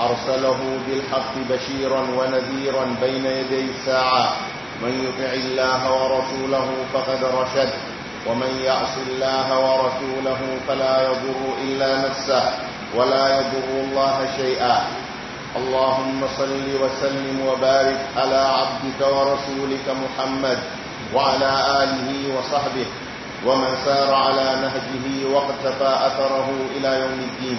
أرسله بالحق بشيرا ونذيرا بين يدي الساعة من يطع الله ورسوله فقد رشد ومن يعص الله ورسوله فلا يضر إلا نفسه ولا يضر الله شيئا اللهم صل وسلم وبارك على عبدك ورسولك محمد وعلى آله وصحبه ومن سار على نهجه واقتفى أثره إلى يوم الدين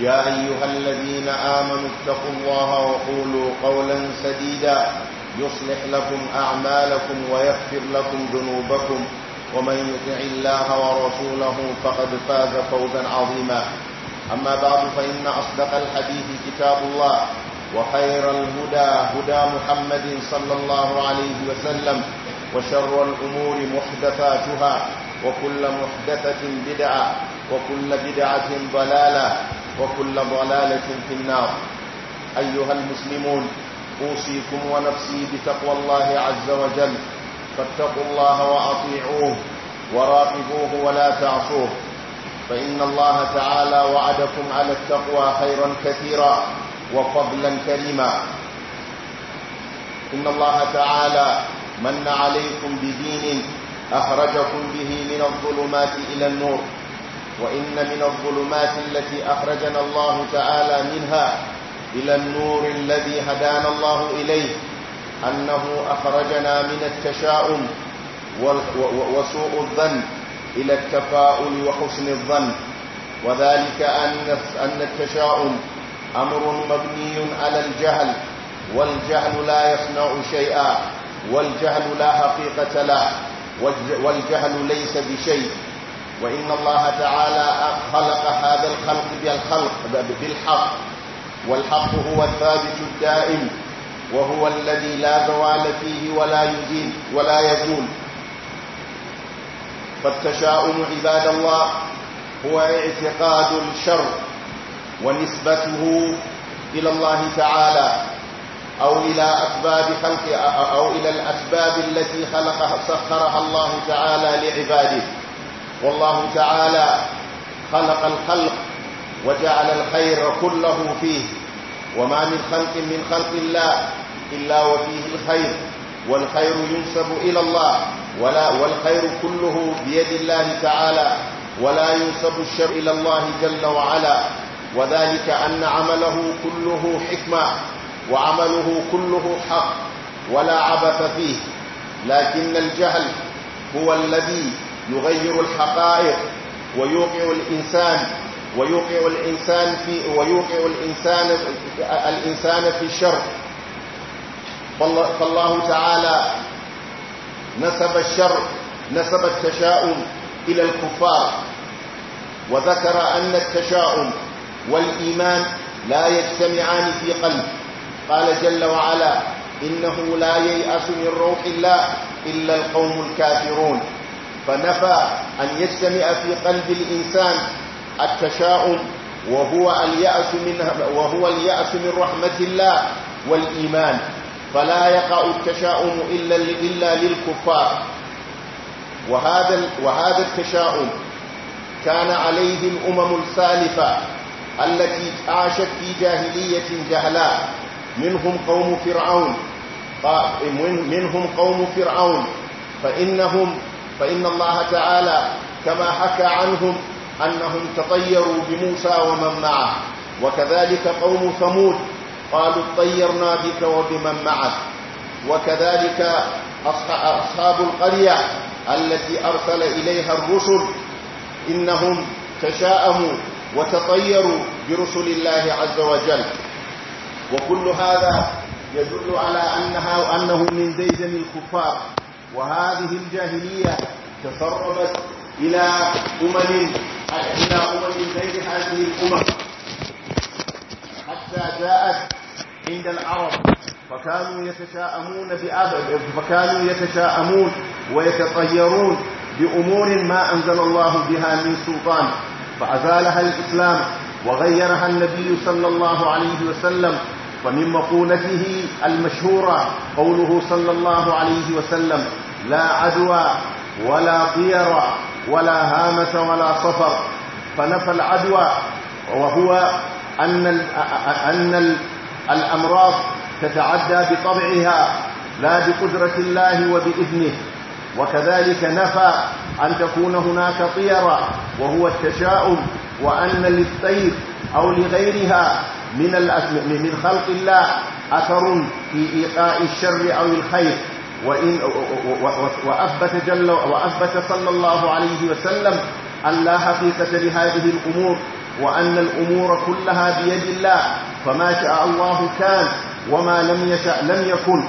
يا أيها الذين آمنوا اتقوا الله وقولوا قولا سديدا يصلح لكم أعمالكم ويغفر لكم ذنوبكم ومن يطع الله ورسوله فقد فاز فوزا عظيما أما بعد فإن أصدق الحديث كتاب الله وخير الهدى هدى محمد صلى الله عليه وسلم وشر الأمور محدثاتها وكل محدثة بدعة وكل بدعة ضلالة وكل ضلالة في النار أيها المسلمون أوصيكم ونفسي بتقوى الله عز وجل فاتقوا الله وأطيعوه وراقبوه ولا تعصوه فإن الله تعالى وعدكم على التقوى خيرا كثيرا وفضلا كريما إن الله تعالى من عليكم بدين أخرجكم به من الظلمات إلى النور وإن من الظلمات التي أخرجنا الله تعالى منها إلى النور الذي هدانا الله إليه أنه أخرجنا من التشاؤم وسوء الظن إلى التفاؤل وحسن الظن وذلك أن التشاؤم أمر مبني على الجهل والجهل لا يصنع شيئا والجهل لا حقيقة له والجهل ليس بشيء وإن الله تعالى خلق هذا الخلق بالخلق بالحق والحق هو الثابت الدائم وهو الذي لا زوال فيه ولا يزيل ولا يزول فالتشاؤم عباد الله هو اعتقاد الشر ونسبته إلى الله تعالى أو إلى أسباب خلق أو إلى الأسباب التي خلقها سخرها الله تعالى لعباده والله تعالى خلق الخلق وجعل الخير كله فيه وما من خلق من خلق الله إلا وفيه الخير والخير ينسب إلى الله ولا والخير كله بيد الله تعالى ولا ينسب الشر إلى الله جل وعلا وذلك أن عمله كله حكمة وعمله كله حق ولا عبث فيه لكن الجهل هو الذي يغير الحقائق ويوقع الإنسان ويوقع الإنسان في ويوقع الإنسان الإنسان في الشر فالله تعالى نسب الشر نسب التشاؤم إلى الكفار وذكر أن التشاؤم والإيمان لا يجتمعان في قلب قال جل وعلا إنه لا ييأس من روح الله إلا القوم الكافرون فنفى أن يجتمع في قلب الإنسان التشاؤم وهو اليأس من وهو اليأس من رحمة الله والإيمان فلا يقع التشاؤم إلا إلا للكفار وهذا وهذا التشاؤم كان عليه الأمم السالفة التي عاشت في جاهلية جهلاء منهم قوم فرعون منهم قوم فرعون فإنهم فإن الله تعالى كما حكى عنهم أنهم تطيروا بموسى ومن معه وكذلك قوم ثمود قالوا اطيرنا بك وبمن معك وكذلك أصحاب القرية التي أرسل إليها الرسل إنهم تشاءموا وتطيروا برسل الله عز وجل وكل هذا يدل على أنها أنه من زيزم الكفار وهذه الجاهلية تسربت إلى أمم إلى أمم غير هذه الأمم حتى جاءت عند العرب فكانوا يتشاءمون فكانوا يتشاءمون ويتطيرون بأمور ما أنزل الله بها من سلطان فأزالها الإسلام وغيرها النبي صلى الله عليه وسلم ومن مقولته المشهورة قوله صلى الله عليه وسلم لا عدوى ولا طير ولا هامة ولا صفر فنفى العدوى وهو أن, أن الأمراض تتعدى بطبعها لا بقدرة الله وبإذنه وكذلك نفى أن تكون هناك طيرة وهو التشاؤم وأن للطير أو لغيرها من من خلق الله أثر في إيقاء الشر أو الخير وإن وأثبت جل وأثبت صلى الله عليه وسلم أن لا حقيقة لهذه الأمور وأن الأمور كلها بيد الله فما شاء الله كان وما لم يشاء لم يكن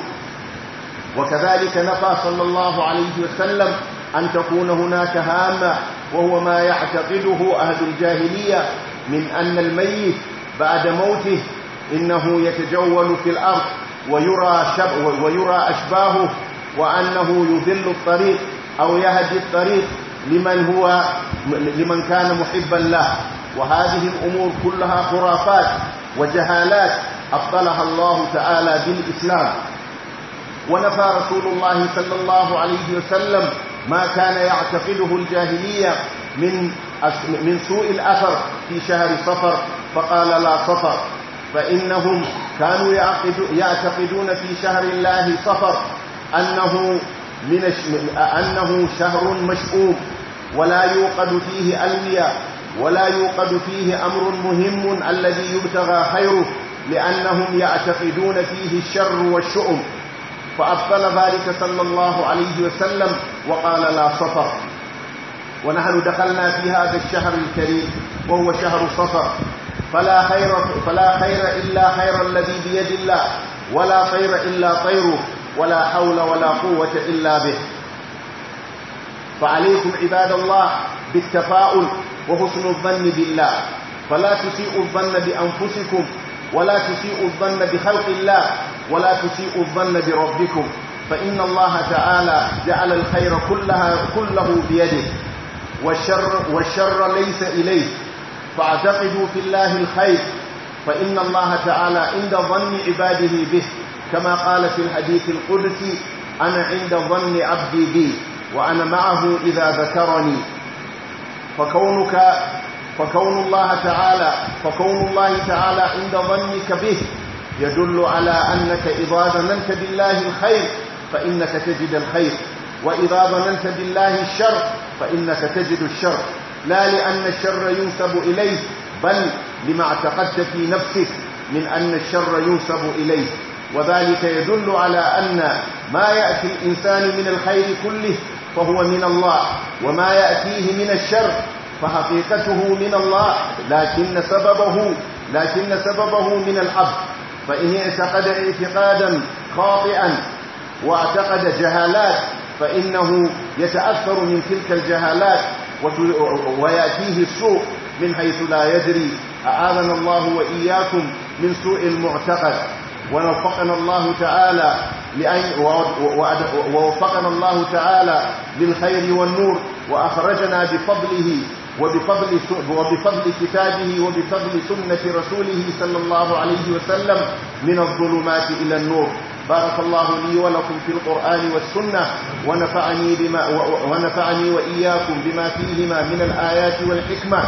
وكذلك نفى صلى الله عليه وسلم أن تكون هناك هامة وهو ما يعتقده أهل الجاهلية من أن الميت بعد موته إنه يتجول في الأرض ويرى, شب ويرى أشباهه وأنه يذل الطريق أو يهدي الطريق لمن, هو لمن كان محبا له وهذه الأمور كلها خرافات وجهالات أبطلها الله تعالى بالإسلام ونفى رسول الله صلى الله عليه وسلم ما كان يعتقده الجاهلية من من سوء الأثر في شهر صفر فقال لا صفر فإنهم كانوا يعتقدون في شهر الله صفر أنه, من أنه شهر مشؤوم ولا يوقد فيه ألوية ولا يوقد فيه أمر مهم الذي يبتغى خيره لأنهم يعتقدون فيه الشر والشؤم فأبطل ذلك صلى الله عليه وسلم وقال لا صفر ونحن دخلنا في هذا الشهر الكريم وهو شهر صفر فلا خير, فلا خير إلا خير الذي بيد الله ولا خير إلا خيره ولا حول ولا قوة إلا به فعليكم عباد الله بالتفاؤل وحسن الظن بالله فلا تسيئوا الظن بأنفسكم ولا تسيئوا الظن بخلق الله ولا تسيئوا الظن بربكم فإن الله تعالى جعل الخير كلها كله بيده والشر, والشر ليس إليه فاعتقدوا في الله الخير فإن الله تعالى عند ظن عباده به كما قال في الحديث القدسي أنا عند ظن عبدي بي وأنا معه إذا ذكرني فكونك فكون الله تعالى فكون الله تعالى عند ظنك به يدل على أنك إذا ظننت بالله الخير فإنك تجد الخير وإذا ظننت بالله الشر فإنك تجد الشر لا لأن الشر ينسب إليه بل لما اعتقدت في نفسك من أن الشر ينسب إليه وذلك يدل على أن ما يأتي الإنسان من الخير كله فهو من الله وما يأتيه من الشر فحقيقته من الله لكن سببه لكن سببه من العبد فإن اعتقد اعتقادا خاطئا واعتقد جهالات فإنه يتأثر من تلك الجهالات ويأتيه السوء من حيث لا يدري أعاذنا الله وإياكم من سوء المعتقد ووفقنا الله تعالى لأي ووفقنا الله تعالى للخير والنور وأخرجنا بفضله وبفضل, وبفضل كتابه وبفضل سنة رسوله صلى الله عليه وسلم من الظلمات إلى النور بارك الله لي ولكم في القرآن والسنة ونفعني, بما ونفعني وإياكم بما فيهما من الآيات والحكمة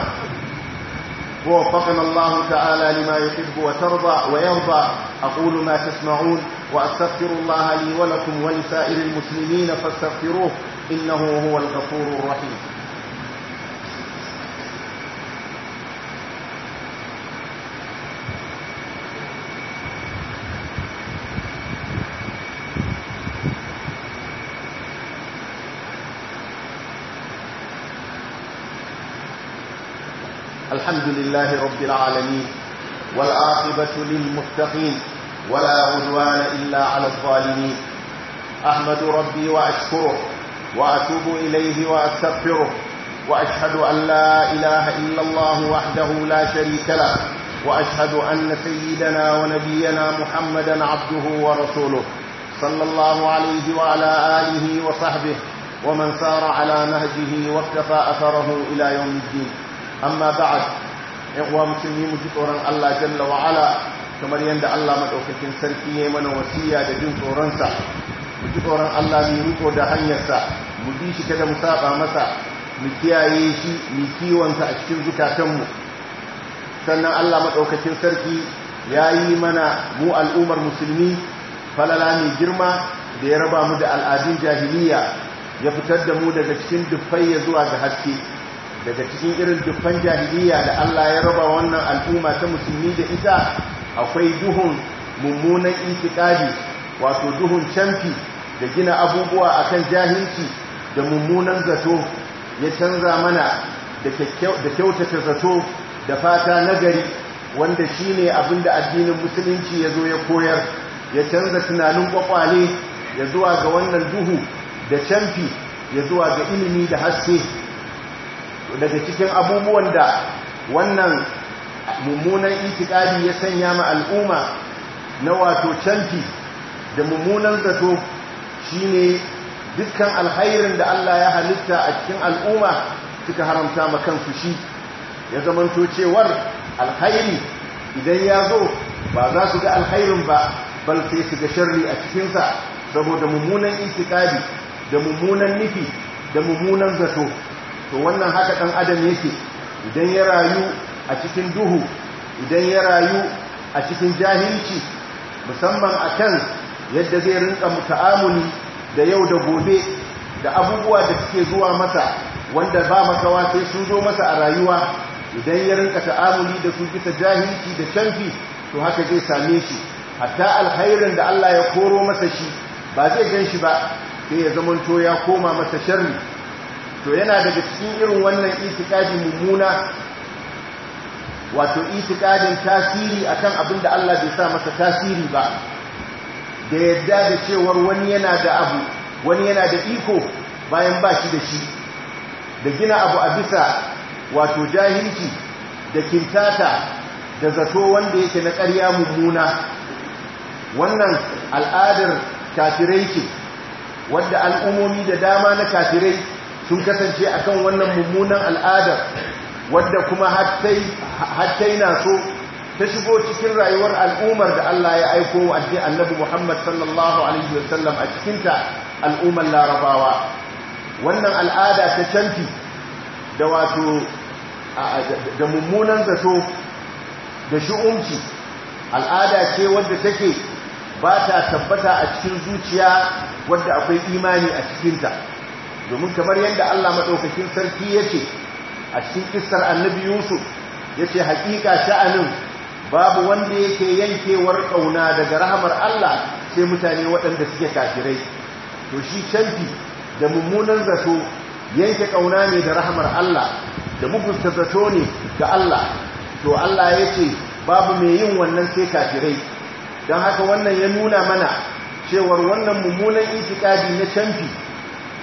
ووفقنا الله تعالى لما يحب وترضى ويرضى أقول ما تسمعون وأستغفر الله لي ولكم ولسائر المسلمين فاستغفروه إنه هو الغفور الرحيم الحمد لله رب العالمين والعاقبة للمتقين ولا عدوان إلا على الظالمين أحمد ربي وأشكره وأتوب إليه وأستغفره وأشهد أن لا إله إلا الله وحده لا شريك له وأشهد أن سيدنا ونبينا محمدا عبده ورسوله صلى الله عليه وعلى آله وصحبه ومن سار على نهجه واكتفى أثره إلى يوم الدين أما بعد yan uwa musulmi mu ji tsoron Allah jalla wa kamar yadda Allah madaukakin sarki ya yi mana wasiya da jin tsoronsa mu ji tsoron Allah mu riko da hanyarsa mu bi shi kada mu saba masa mu kiyaye shi mu kiwonsa a cikin zukatanmu sannan Allah madaukakin sarki ya yi mana mu al'ummar musulmi falala mai girma da ya raba mu da al'adun jahiliya ya fitar da mu daga cikin dufai zuwa ga haske daga cikin irin dukkan jahiliya da Allah ya raba wannan al'umma ta musulmi da ita akwai duhun mummunan itikadi wato duhun canfi da gina abubuwa akan jahilci da mummunan zato ya canza mana da kyautata zato da fata nagari wanda shine da addinin musulunci ya zo ya koyar ya canza tunanin kwakwale ya zuwa ga wannan duhu da canfi ya zuwa ga ilimi da haske daga cikin abubuwan da wannan mummunan itikadi ya sanya ma al'umma na wato canfi da mummunan zato shine dukkan alhairin da Allah ya halitta a cikin al'umma suka haramta ma kansu shi ya zamanto cewar alhairi idan ya zo ba za su ga alhairin ba bal sai su ga sharri a cikinsa saboda mummunan itikadi da mummunan nufi da mummunan zato to wannan haka ɗan adam yake idan ya rayu a cikin duhu idan ya rayu a cikin jahilci musamman a kan yadda zai rinka muta'amuli da yau da gobe da abubuwa da suke zuwa masa wanda ba makawa sai sun zo masa a rayuwa idan ya rinka ta'amuli da su bisa jahilci da canfi to haka zai same shi hatta alkhairin da Allah ya koro masa shi ba zai gan shi ba sai ya zamanto ya koma masa sharri to yana daga cikin irin wannan itikadi mummuna wato itikadin tasiri akan abin da Allah bai sa masa tasiri ba da yadda da cewar wani yana da abu wani yana da iko bayan ba shi da shi da gina abu a bisa wato jahilci da kintata da zato wanda yake na ƙarya mummuna wannan al'adar kafirai ce wadda al'umomi da dama na kafirai sun kasance a kan wannan mummunan al'adar wadda kuma hattai na so ta shigo cikin rayuwar al'ummar da Allah ya aiko wa annabi Muhammad sallallahu alaihi wasallam a cikinta al'ummar larabawa wannan al'ada ta canfi da wato da mummunan zato da shi'umci al'ada ce wadda take ba ta tabbata a cikin zuciya wadda akwai imani a cikinta domin kamar yadda Allah maɗaukakin sarki ya ce a cikin kisar annabi yusuf ya ce haƙiƙa sha'anin babu wanda yake yankewar ƙauna daga rahamar Allah sai mutane waɗanda suke kafirai to shi canfi da mummunan zato yanke ƙauna ne da rahamar Allah da mugunta zato ne ga Allah to Allah ya ce babu mai yin wannan sai kafirai don haka wannan ya nuna mana cewar wannan mummunan itikadi na canfi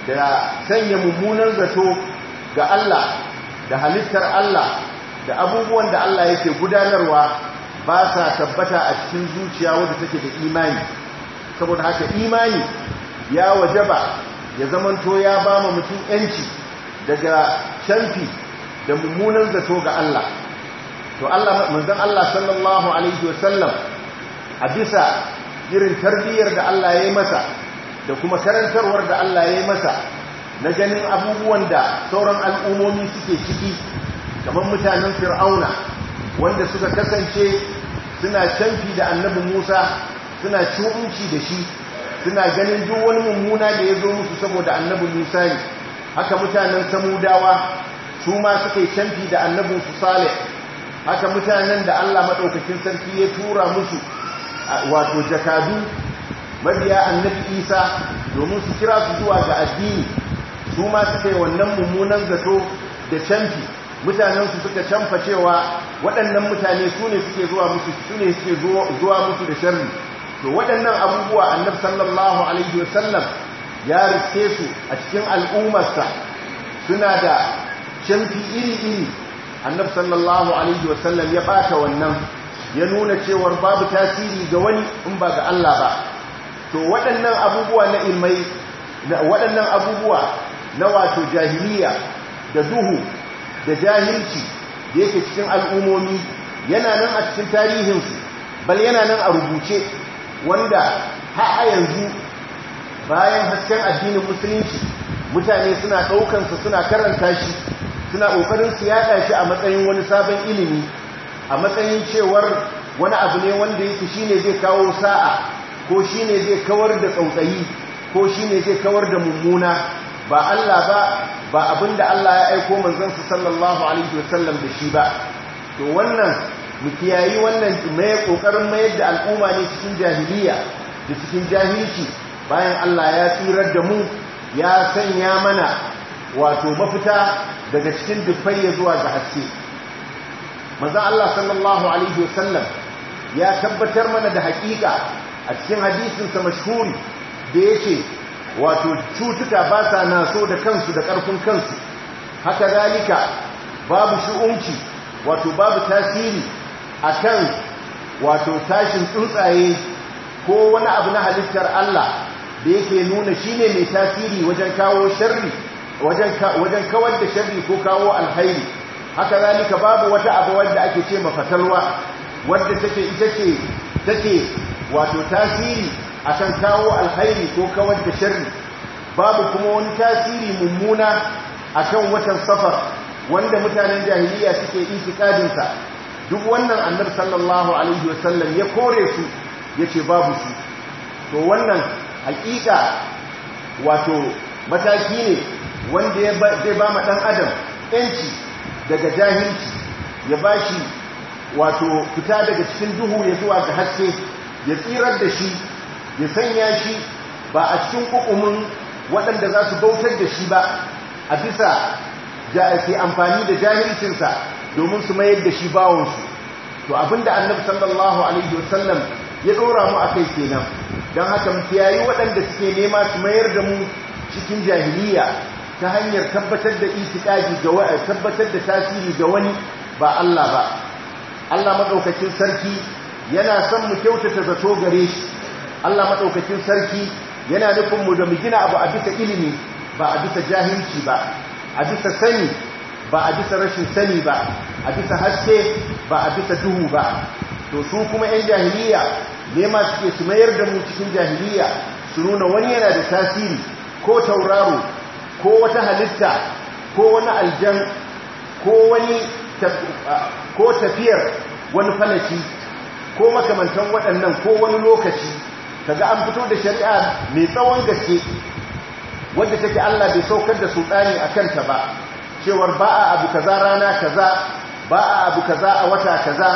da sanya mummunar zato ga Allah da halittar Allah da abubuwan da Allah yake gudanarwa ba sa tabbata a cikin zuciya wadda take da imani saboda haka imani ya wajaba ya zamanto ya ba mu mutum yanci daga canfi da mummunar zato ga Allah to Allah manzon Allah sallallahu alaihi wasallam a bisa irin tarbiyyar da Allah ya yi masa da kuma karantarwar da Allah ya yi masa na ganin abubuwan da sauran al'ummomi suke ciki kamar mutanen fir'auna wanda suka kasance suna canfi da annabi musa suna cuɓunci da shi suna ganin duk wani mummuna da ya zo musu saboda annabi musa ne haka mutanen samudawa su ma suka yi canfi da annabi salih haka mutanen da allah maɗaukakin sarki ya tura musu wato jakadu mabiya annabi isa domin su kira su zuwa ga addini su ma suka yi wannan mummunan zato da canfi mutanensu suka canfa cewa waɗannan mutane su ne suke zuwa musu su ne suke zuwa musu da sharri to waɗannan abubuwa annabi sallallahu alaihi wasallam ya riske su a cikin al'ummarsa suna da canfi iri-iri annabi sallallahu alaihi wasallam ya ɓata wannan ya nuna cewar babu tasiri ga wani in ba ga Allah ba to waɗannan abubuwa na ilmai waɗannan abubuwa na wato jahiliya da duhu da jahilci da yake cikin al'umomi yana nan a cikin tarihinsu bal yana nan a rubuce wanda har a yanzu bayan hasken addinin musulunci mutane suna ɗaukansa suna karanta shi suna ƙoƙarin su yaɗa shi a matsayin wani sabon ilimi a matsayin cewar wani abu ne wanda yake shi ne zai kawo sa'a ko shi ne zai kawar da tsautsayi ko shi ne zai kawar da mummuna ba Allah ba ba abinda Allah ya aiko manzansa sallallahu alaihi wasallam da shi ba to wannan kiyayi wannan mai kokarin mayar da al'umma ne cikin jahiliya da cikin jahilci bayan Allah ya tsirar da mu ya sanya mana wato mafita daga cikin dufai ya zuwa ga haske manzo Allah sallallahu alaihi wasallam ya tabbatar mana da hakika a cikin hadisinsa mashhuri da yake wato cutuka ba sa naso da kansu da ƙarfin kansu haka zalika babu shi'unci wato babu tasiri A kan. wato tashin tsuntsaye ko wani abu na halittar Allah da yake nuna shine mai tasiri wajen kawo sharri wajen kawar da sharri ko kawo alhairi haka zalika babu wata abu wanda ake ce mafatalwa wadda take ita ce take wato tasiri akan kawo alhairi ko kawar da sharri babu kuma wani tasiri mummuna a kan watan safar wanda mutanen jahiliya suke itikadin sa duk wannan annabi sallallahu alaihi wasallam ya kore su ya ce babu shi. to wannan hakika wato mataki ne wanda ya zai ba ma adam yanci daga jahilci ya bashi wato fita daga cikin duhu ya zuwa ga haske ya tsirar da shi ya sanya shi ba a cikin kukumin waɗanda za su bautar da shi ba a bisa ke amfani da jahilcinsa domin su mayar da shi bawansu to abinda annabi sallallahu alaihi wasallam ya ɗora mu a kenan don haka mu yi waɗanda suke nema su mayar da mu cikin jahiliya ta hanyar tabbatar da itikadi ga wani tabbatar da tasiri ga wani ba Allah ba Allah madaukakin sarki yana son mu kyautata zato gare shi Allah madaukakin sarki yana nufin mu da mu gina abu a bisa ilimi ba a bisa jahilci ba a bisa sani ba a bisa rashin sani ba a bisa haske ba a bisa duhu ba to su kuma 'yan jahiliya ne nema suke su mayar da mu cikin jahiliya su nuna wani yana da tasiri ko tauraro ko wata halitta ko wani aljan ko wani ko tafiyar wani falaci ko makamantan waɗannan ko wani lokaci kaga an fito da shari'a mai tsawon gaske wadda take Allah bai saukar da sultani a kanta ba cewar ba a abu kaza rana kaza ba a abu kaza a wata kaza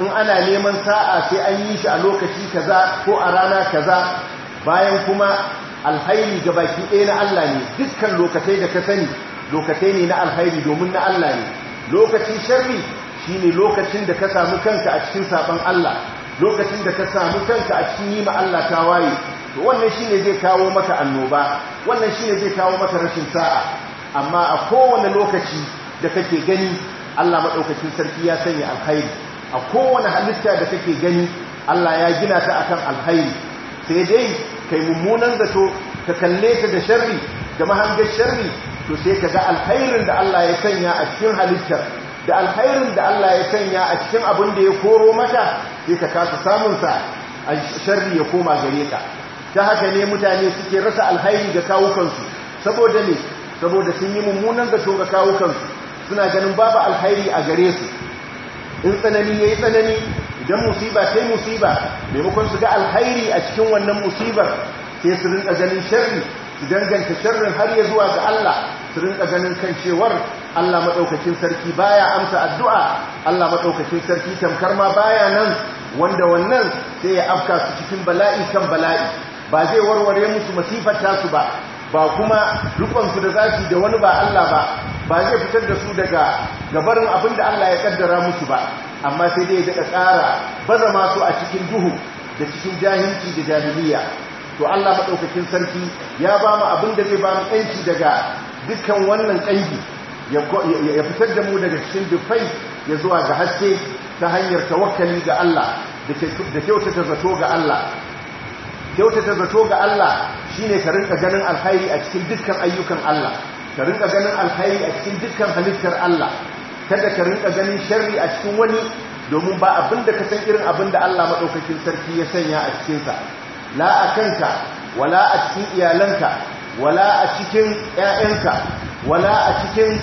in ana neman sa'a sai an yi shi a lokaci kaza ko a rana kaza bayan kuma alhairi ga baki ɗaya na Allah ne dukkan lokacai da ka sani lokacai ne na alhairi domin na Allah ne lokaci sharri Shi ne lokacin da ka samu kanka a cikin sabon Allah lokacin da ka samu kanka a cikin yi ma Allah ta waye, to wannan shi ne zai kawo maka annoba wannan shi ne zai kawo maka rashin sa'a amma a kowane lokaci da kake gani Allah maɗaukacin sarki ya sanya alkhairi a kowane halitta da kake gani Allah ya gina ta akan alkhairi sai dai kai mummunan zato ka kalle ta da sharri da mahangar sharri to sai ka ga alkhairin da Allah ya sanya a cikin halittar da alhairin da Allah ya sanya a cikin abin da ya koro mata sai ta kasa samunsa a sharri ya koma gare ta ta haka ne mutane suke rasa alhairi ga kawukansu saboda ne saboda sun yi mummunan zato ga kawukansu suna ganin babu alhairi a gare su in tsanani ya yi tsanani idan musiba sai musiba maimakon su ga alhairi a cikin wannan musibar sai su rinka ganin sharri su danganta sharrin har ya zuwa ga Allah su rinka ganin kan cewar Allah maɗaukakin sarki baya amsa addu'a Allah maɗaukakin sarki tamkar ma baya nan wanda wannan sai ya afka su cikin bala'i kan bala'i ba zai warware musu masifar tasu ba ba kuma rukonsu da zafi da wani ba Allah ba ba zai fitar da su daga gabarin abin da Allah ya kaddara musu ba amma sai dai daga ƙara baza masu a cikin duhu da cikin jahinci da jahiliya to Allah maɗaukakin sarki ya ba mu abin da zai ba mu ɗanci daga dukkan wannan ƙangi ya fitar da mu daga cikin dufai ya zuwa ga haske ta hanyar tawakkali ga Allah da kyautata zato ga Allah kyautata zato ga Allah shine ka rinka ganin alkhairi a cikin dukkan ayyukan Allah ka rinka ganin alkhairi a cikin dukkan halittar Allah kada ka rinka ganin sharri a cikin wani domin ba abin da ka san irin abin da Allah maɗaukakin sarki ya sanya a cikinsa la a kanka wala a cikin iyalanka wala a cikin ‘ya'yanka wala a cikin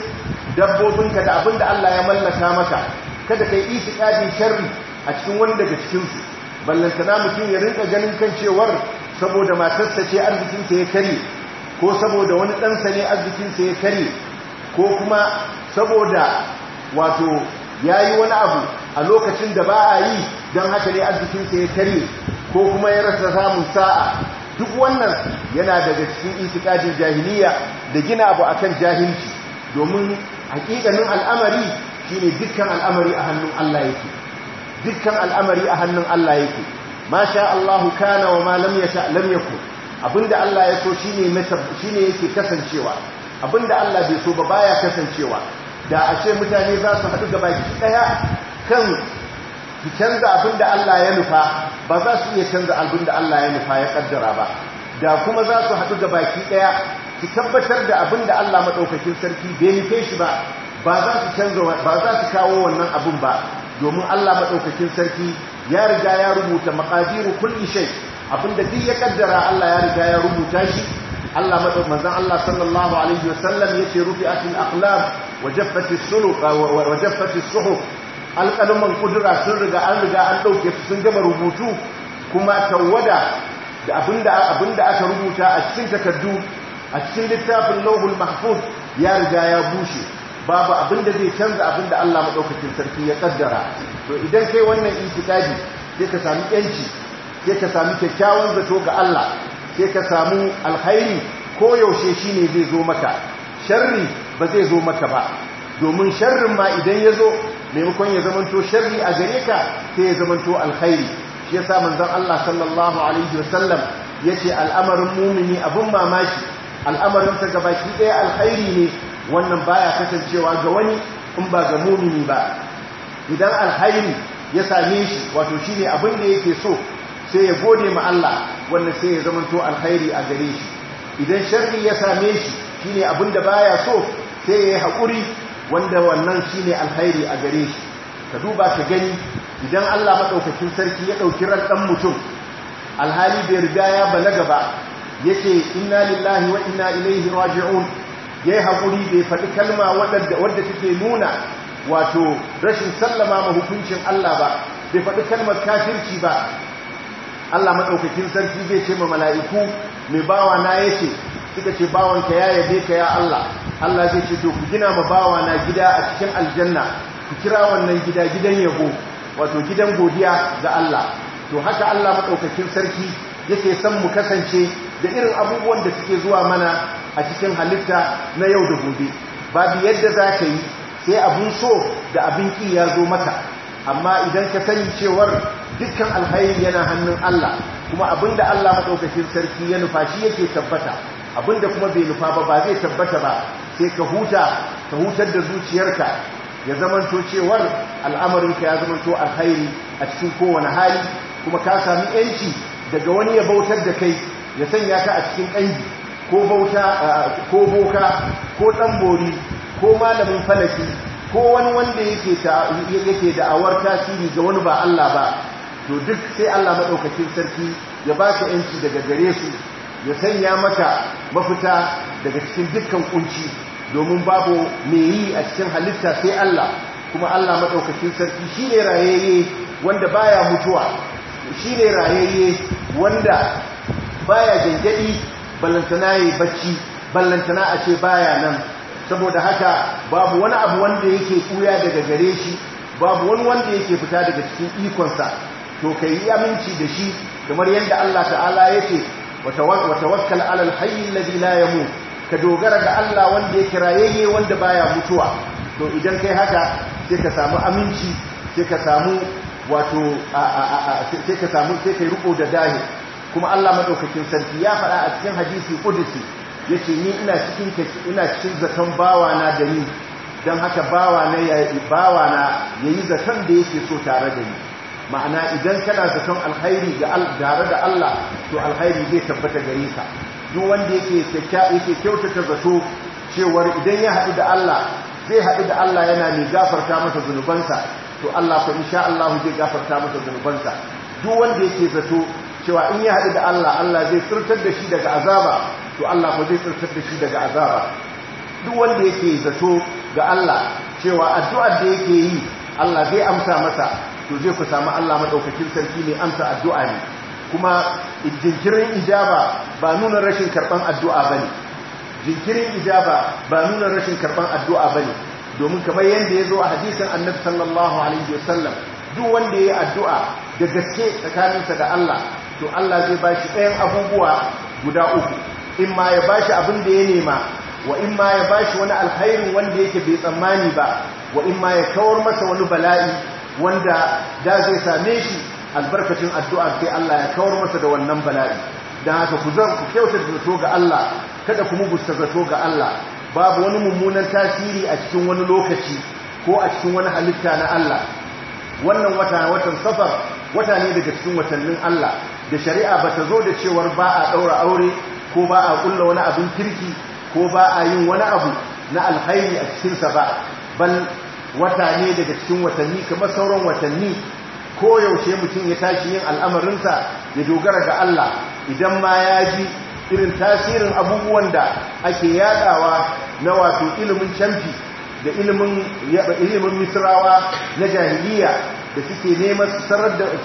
dabbobinka da abin da Allah ya mallaka maka kada ka yi isi ƙadin sharri a cikin wani daga cikinsu na mutum ya rinka ganin kan cewar saboda matarsa ce arzikinsa ya kare ko saboda wani ɗansa ne arzikinsa ya kare ko kuma saboda wato ya yi wani abu a lokacin da ba a yi don haka ne arzikinsa ya kare ko kuma ya rasa samun sa'a duk wannan yana daga cikin itikadin jahiliya da gina abu akan jahilci domin hakikanin al'amari shine dukkan al'amari a hannun Allah yake dukkan al'amari a hannun Allah yake masha Allah kana wa ma lam yasha lam yakun abinda Allah ya so shine shine yake kasancewa abinda Allah bai so ba baya kasancewa da a ce mutane za su haɗu gaba ɗaya kan ki canza abin da Allah ya nufa ba za su iya canza abin da Allah ya nufa ya kaddara ba da kuma za su haɗu ga baki ɗaya ki tabbatar da abin da Allah maɗaukakin sarki bai nufe shi ba ba za su kawo wannan abin ba domin Allah maɗaukakin sarki ya riga ya rubuta maƙadiru kulli Abin abinda duk ya kaddara Allah ya riga ya rubuta shi Allah manzon Allah sallallahu alaihi wa yace ya ce rufi jaffati as wa jaffati alƙalman kudura sun riga an riga an ɗauke sun gama rubutu kuma tawada da abinda aka rubuta a cikin takardu a cikin littafin lauhul mahfuz ya riga ya bushe babu abinda zai canza abin da Allah maɗaukacin sarki ya kaddara to idan kai wannan itikadi sai ka sami yanci sai ka sami kyakkyawan zato ga Allah sai ka samu alkhairi ko yaushe shine zai zo maka sharri ba zai zo maka ba domin sharrin ma idan ya zo maimakon ya zamanto sharri a gare ka sai ya zamanto alkhairi shi ya yasa manzon Allah sallallahu alaihi wasallam yace al'amarin mumini abin mamaki al'amarin gaba gabaki ɗaya alkhairi ne wannan baya kasancewa ga wani in ba ga mumini ba idan alkhairi ya same shi wato shine abin da yake so sai ya gode ma Allah wannan sai ya zamanto alkhairi a gare shi idan sharri ya same shi shine abin da baya so sai ya yi haƙuri wanda wannan shine alkhairi a gare shi ka duba ka gani idan Allah maɗaukakin sarki ya ɗauki ran mutum alhali bai riga ya balaga ba yace inna lillahi wa inna ilaihi raji'un yayi haƙuri bai faɗi kalma wadda wadda nuna wato rashin sallama ma hukuncin Allah ba bai faɗi kalmar kafirci ba Allah maɗaukakin sarki zai ce ma mala'iku mai bawa na yace suka ce bawanka ya yabe ka ya Allah Allah zai ce to ku gina ma bawa na gida a cikin aljanna ku kira wannan gida gidan yabo wato gidan godiya ga Allah to haka Allah madaukakin sarki yake san mu kasance da irin abubuwan da suke zuwa mana a cikin halitta na yau da gobe babu yadda za ka yi sai abin so da abin ki ya zo maka amma idan ka sani cewar dukkan alhairi yana hannun Allah kuma abin da Allah madaukakin sarki ya nufa shi yake tabbata abin da kuma bai nufa ba ba zai tabbata ba sai ka huta ka hutar da zuciyarka ya zamanto cewar al'amarinka ya zamanto alhairi a cikin kowane hali kuma ka sami yanci daga wani ya bautar da kai ya sanya ka a cikin ƙangi ko bauta ko boka ko ɗanbori ko malamin falaki ko wani wanda yake awar tasiri ga wani ba Allah ba to duk sai Allah maɗaukacin sarki ya ba ka yanci daga gare su ya sanya maka mafita daga cikin dukkan kunci domin babu mai yi a cikin halitta sai Allah kuma Allah maɗaukacin sarki shi ne rayayye wanda baya mutuwa shi ne rayayye wanda baya jangadi ballantana ya yi bacci ballantana a ce baya nan saboda haka babu wani abu wanda yake kuya daga gare shi babu wani wanda yake fita daga cikin ikonsa to ka yi aminci da shi kamar yadda Allah ta'ala yake wata tawakkal alal hayy na la yamut ka dogara ga Allah wanda ya ne wanda baya mutuwa to idan kai haka sai ka samu aminci sai ka samu wato sai ka samu sai kai riko da dahi kuma Allah madaukakin sarki ya faɗa a cikin hadisi qudsi yace ni ina cikin ina cikin zaton bawa na da ni dan haka bawa na yayi bawa na yayi zaton da yake so tare da ni ma'ana idan kana zaton alkhairi ga tare da Allah to alkhairi zai tabbata gare ka duk wanda yake yake kyautata zato cewa idan ya haɗu da Allah zai haɗu da Allah yana mai gafarta masa zunubansa to Allah ko insha Allah zai gafarta masa zunubansa duk wanda yake zato cewa in ya haɗu da Allah Allah zai tsirtar da shi daga azaba to Allah ko zai tsirtar da shi daga azaba duk wanda yake zato ga Allah cewa addu'ar da yake yi Allah zai amsa masa to zai ku samu Allah madaukakin sarki ne amsa addu'a ne kuma jinkirin ijaba ba nuna rashin karban addu'a bane jinkirin ijaba ba nuna rashin karban addu'a bane domin kamar yanda yazo a hadisin Annabi sallallahu alaihi wasallam duk wanda yayi addu'a da gaske tsakaninsa da Allah to Allah zai bashi ɗayan abubuwa guda uku in ma ya bashi abin da ya nema wa in ma ya bashi wani alkhairin wanda yake bai tsammani ba wa in ma ya kawar masa wani bala'i wanda da zai same shi albarkacin addu'ar sai Allah ya kawar masa da wannan bala'i Da haka ku zan ku kyauta zato ga Allah kada kuma gusta zato ga Allah babu wani mummunan tasiri a cikin wani lokaci ko a cikin wani halitta na Allah wannan wata watan safar wata ne daga cikin watannin Allah da shari'a ba ta zo da cewar ba a ɗaura aure ko ba a ƙulla wani abin kirki ko ba a yin wani abu na alhairi a cikinsa ba bal wata ne daga cikin watanni kamar sauran watanni ko yaushe mutum ya tashi yin al'amarinsa ya dogara ga Allah idan ma ya ji irin tasirin abubuwan da ake yadawa na wato ilimin canfi da ilimin ilimin misrawa na jahiliya da suke neman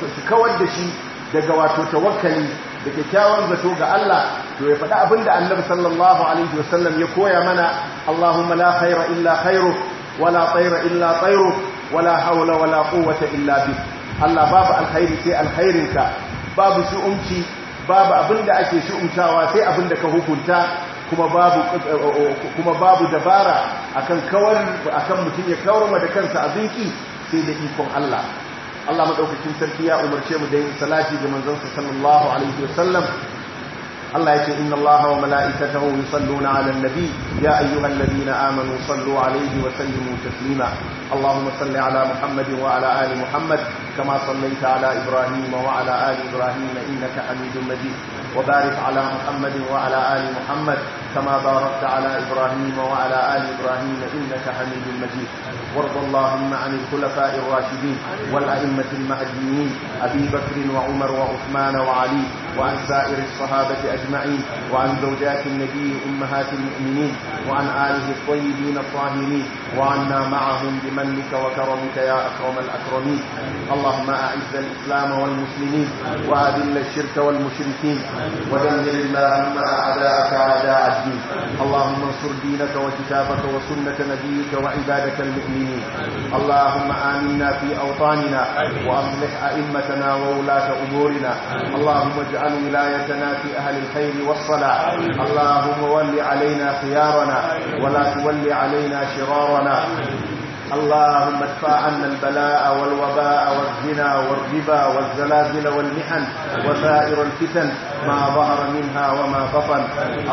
su kawar da shi daga wato tawakkali da kyakkyawan zato ga Allah to ya faɗi abinda annabi sallallahu alaihi wasallam ya koya mana Allahumma la khaira illa khairuk wala tsaira illa tsairuk wala haula wala quwwata illa bik Allah babu alkhairi sai alkhairinka babu shu'umci babu abinda ake shu'umtawa sai abinda ka hukunta kuma babu kuma babu dabara akan kawar akan mutun ya da kansa abinci sai da ikon Allah Allah madaukakin sarki ya umarce mu da yin salati ga manzon sallallahu alaihi wasallam الله يقول إن الله وملائكته يصلون على النبي يا أيها الذين آمنوا صلوا عليه وسلموا تسليما اللهم صل على محمد وعلى آل muhammad. كما صليت على إبراهيم وعلى آل إبراهيم إنك حميد مجيد وبارك على محمد وعلى آل محمد كما باركت على إبراهيم وعلى آل إبراهيم إنك حميد مجيد وارض اللهم عن الخلفاء الراشدين والأئمة المهديين أبي بكر وعمر وعثمان وعلي وعن سائر الصحابة أجمعين وعن زوجات النبي أمهات المؤمنين وعن آله الطيبين الطاهرين وعنا معهم بمنك وكرمك يا أكرم الأكرمين اللهم أعز الإسلام والمسلمين وأذل الشرك والمشركين ودمر اللهم أعداءك أعداء الدين الدين اللهم انصر دينك وكتابك وسنة نبيك وعبادك المؤمنين اللهم آمنا في أوطاننا وأصلح أئمتنا وولاة أمورنا اللهم اجعل ولايتنا في أهل الخير والصلاة اللهم ول علينا خيارنا ولا تول علينا شرارنا اللهم ادفع عنا البلاء والوباء والزنا والربا والزلازل والمحن وسائر الفتن ما ظهر منها وما بطن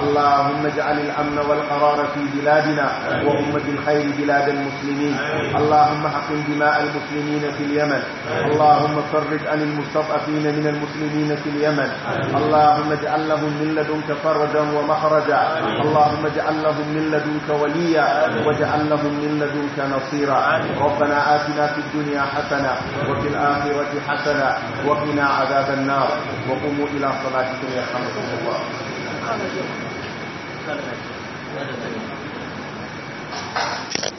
اللهم اجعل الأمن والقرار في بلادنا وأمة الخير بلاد المسلمين اللهم احقن دماء المسلمين في اليمن اللهم فرج عن المستضعفين من المسلمين في اليمن اللهم اجعل لهم من لدنك فرجا ومخرجا اللهم اجعل لهم من لدنك وليا واجعل لهم من لدنك نصيرا كثيرا ربنا آتنا في الدنيا حسنة وفي الآخرة حسنة وقنا عذاب النار وقوموا إلى صلاتكم يرحمكم الله Thank you.